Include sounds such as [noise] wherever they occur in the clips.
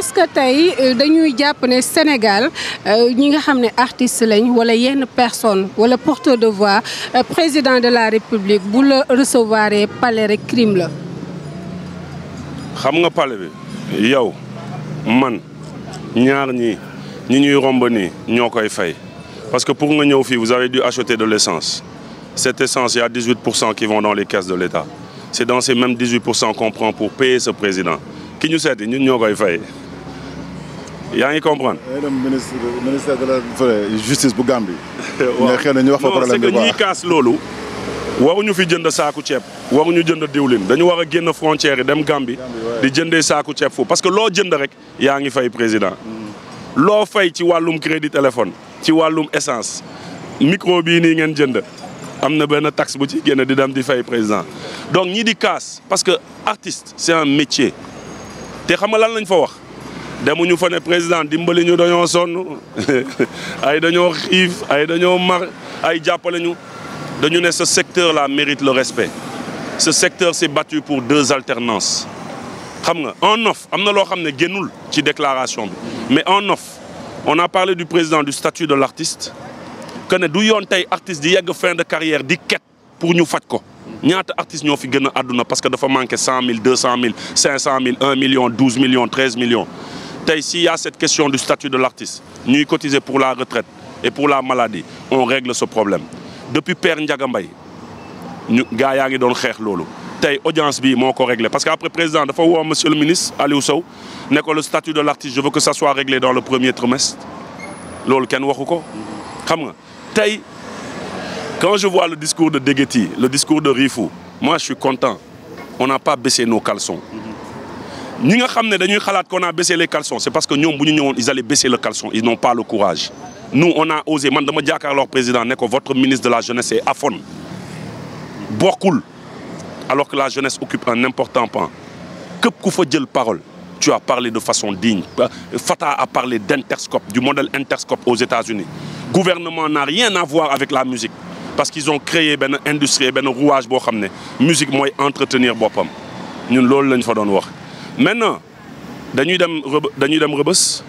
est que tey euh, dañuy jàpp ne Sénégal euh, ñi nga xam ne artiste lañ wala yenn personne wala porteur de voix euh, président de la République bu la recevoir palais rek crime la. xam nga palais bi yow man ñaar ñii ñi ñuy romb nii ñoo koy fay parce que pour nga ñëw vous avez dû acheter de l'essence cette essence il a 18 pour cent qui vont dans les caisses de l'État c'est dans ces mêmes 18 pour cent qu'on prend pour payer ce président ki ñu seeti ñun ñoo koy fay. yaa ngi comprendre. da ngay dem ministre ministère de la justice bu Gambie. [laughs] waaw xëy na ñu wax fa problème bi non c'est que ñiy kaas loolu. waruñu fi jënd saaku ceeb waruñu jënd diwlin dañu war a génn frontière yi dem Gambie di jëndee saaku ceeb foofu parce que loo jënd rek yaa ngi fay président. Mm. loo fay ci wàllum crédit téléphone ci wàllum essence micro bii nii ngeen jënd am na benn taxe bu ci génn di dem di fay président donc ñi di kaas parce que artiste c'est un métier te xam nga lan lañ fa wax. demuñu ñu ne président dimbali ñu dañoo sonn [laughs] ay dañoo xiif ay dañoo mar ay jàppale ñu dañu ne ce secteur là mérite le respect ce secteur s'est battu pour deux alternances xam nga en off am na loo xam ne génnul ci déclaration bi a parlé du président du statut de l'artiste di yegg fin de carrière di ket pour ñu faj ko ñaata artistes ñoo fi gën a àdduna parce que dafa manqué cent mille deux cent mille cinq million tey s'il y a cette question du statut de l'artiste ñuy cotiser pour la retraite et pour la maladie on règle ce problème depuis Père Ndiaga Mbaye ñu gaa yaa ngi doon xeex loolu tey audience bi moo ko réglé parce que après président dafa woo monsieur le ministre Aliou Sow ne ko le statut de l'artiste je veux que ça soit réglé dans le premier trimestre loolu kenn waxu ko xam nga tey quand je vois le discours de Deguety le discours de Rifou moi je suis content on n'a pas baissé nos caleçons ñi nga xam ne dañuy xalaat qu'on a baissé les caleçons c'est parce que ñoom bu ñu ñëwoon ils allaient baisser le ils n'ont pas le courage nous on a osé man dama jàkkaarloo président ne ko votre ministre de la jeunesse est aphone bokkul alors que la jeunesse occupe un important pan képp ku fa jël parole tu as parlé de façon digne Fatah a parlé d'Interscope du modèle Interscope aux États-Unis le gouvernement n'a rien à voir avec la musique parce qu'ils ont créé benn industrie benn rouage boo xam ne musique mooy entretenir boppam ñun loolu lañ fa doon wax maintenant dañuy dem dañuy dem rëbës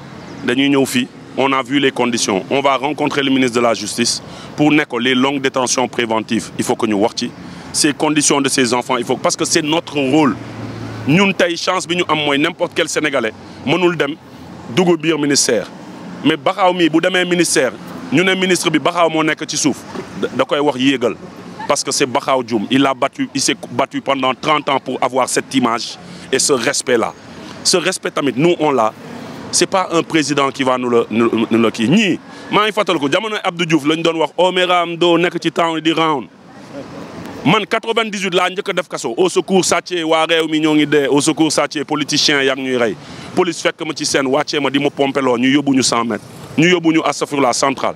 dañuy ñëw fii on a vu les conditions on va rencontrer le ministre de la justice pour nekko ko les longues détentions préventives il faut que ñu wax ci ces conditions de ces enfants il faut parce que c'est notre rôle ñun tey chance bi ñu am mooy n'importe quel sénégalais mënul dem dugg biir ministère mais baxaaw mii bu demee ministère ñu ne ministre bi baxaaw moo nekk ci suuf da koy wax yéegal parce que c'est Bakao a battu, il s'est battu pendant 30 ans pour avoir cette image et ce respect-là. Ce l'a. Ce pas un président qui va nous le, nous, nous le qui. Ni. maa ngi fàttaliku jamono doon wax Omeram oh, doo nekk ci town di round man 98 laa njëkk def kaso au secours waa réew mi ñoo ngi dee au secours sàccee politicien yaa ngi ñuy rey police fekk ma ci seen wàccee ma di ma pompeloo ñu yóbbu ñu 100 ñu yóbbu ñu astafurlah central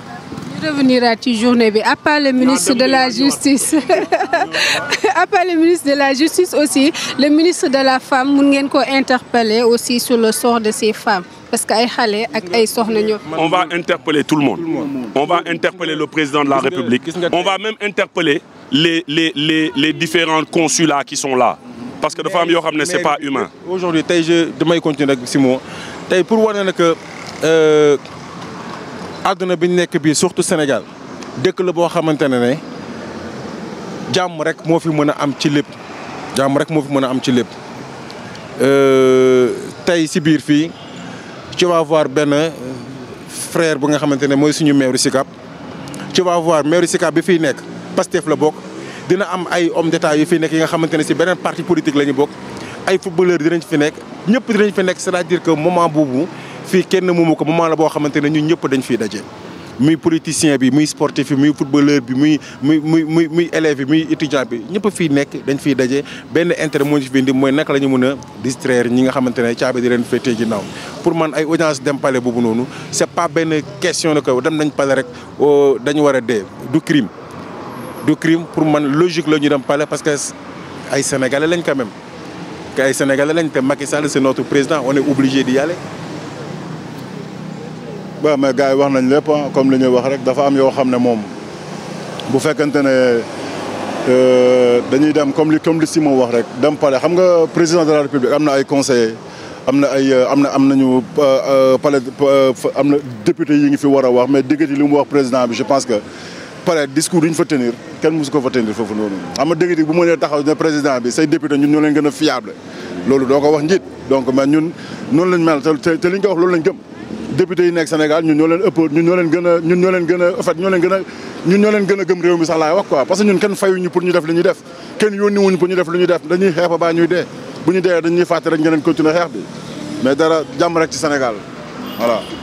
reveniraat ci journée bi à part le ministre de la justice [laughs] à part le ministre de la justice aussi femme mun ngeen ko interpeller aussi sur le sort de ces femmes parce que ay xale ak ay soxna ñoo. on va interpeller tout le monde on va interpeller le président de la république on va même interpeller les les les les différents consulats qui sont là parce que dafa am yoo xam ne c'est pas humain. aujourd'hui tey je damay continuer rek si moom tey pour wane ne que. Euh, àdduna bi ñu nekk bii surtout Sénégal dëkk la boo xamante ne jàmm rek moo fi mën a am ci lépp jàmm rek moo fi mën a am ci lépp euh, tey si biir fii tu vas voir benn frère bu nga xamante ne mooy suñu maire Sicap tu vas voir maire Sicap bi fiy nekk Pastef la bokk dina am ay homme d'état yu fi nekk yi nga xamante ne si beneen parti politique la ñu bokk ay footballeur dinañ fi nekk ñëpp dinañ fi nekk c'est-à-dire que moment boobu fii kenn moom ko moment la boo xamante ne ñun ñëpp dañ fiy daje. muy politicien bi muy sportif bi muy footballeur bi muy muy muy muy muy élève bi muy étudiant bi ñëpp fiy nekk dañ fiy daje benn intérêt moo ñu fi mooy naka la ñu mën a distraire ñi nga xamante ne caabi di leen féetee ginnaaw pour man ay audience dem palais boobu noonu c'est pas benn question ne ko dem nañ palais rek oh, dañu war a dee du crime du pour man logique la ñu dem palais parce que ay sénégalais lañ quand même que ay sénégalais lañ te Macky Sall c'est notre président on est di d'y waaw mais gars yi wax nañ lépp comme lu ñuy wax rek dafa am xam ne moom bu fekkente ne euh, dañuy dem comme li comme li Simon wax rek dem palais nga président de la république am na ay conseillers am na ay euh, am na am nañu euh, palais na député yi ngi fi war a wax mais dëggat yi li mu wax président bi je pense que palais discours yi ñu fa tenir kenn mosu ko fa tenir foofu noonu. xam nga dëggat yi bu taxaw ne président bi say député ñun ñoo leen gën a fiable loolu doo ko wax njiit donc mais ñun noonu lañ mel te te li ñu ko wax loolu lañ gëm. député yi nekk Sénégal ñun ñoo leen ëpp ñun ñoo leen gën a ñun ñoo leen gën a en fait ñoo leen gën a ñun ñoo leen réew mi sax laay wax quoi parce ñun kenn fayuñu pour ñu def li ñuy def kenn yónni wuñu pour ñu def li ñuy def dañuy xeex ba ñuy dee bu ñu dee dañuy fàtte rek ngeen continuer xeex bi mais dara jàmm rek ci Sénégal voilà